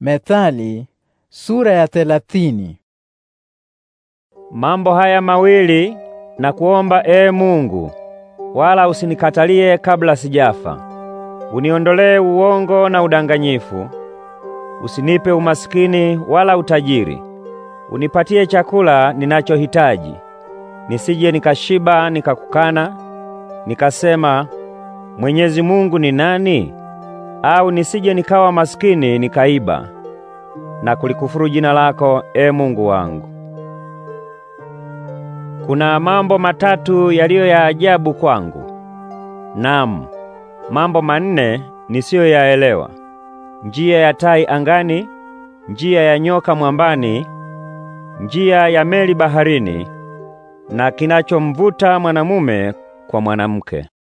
Methali sura ya thelathini. Mambo haya mawili na kuomba, ee Mungu, wala usinikatalie kabla sijafa. Uniondolee uwongo na udanganyifu, usinipe umasikini wala utajiri. Unipatie chakula ninachohitaji, nisije nikashiba nikakukana, nikasema Mwenyezi Mungu ni nani? au nisije nikawa maskini nikaiba na kulikufuru jina lako, e Mungu wangu. Kuna mambo matatu yaliyo ya ajabu kwangu, naam, mambo manne nisiyoyaelewa: njia ya tai angani, njia ya nyoka mwambani, njia ya meli baharini, na kinachomvuta mwanamume kwa mwanamke.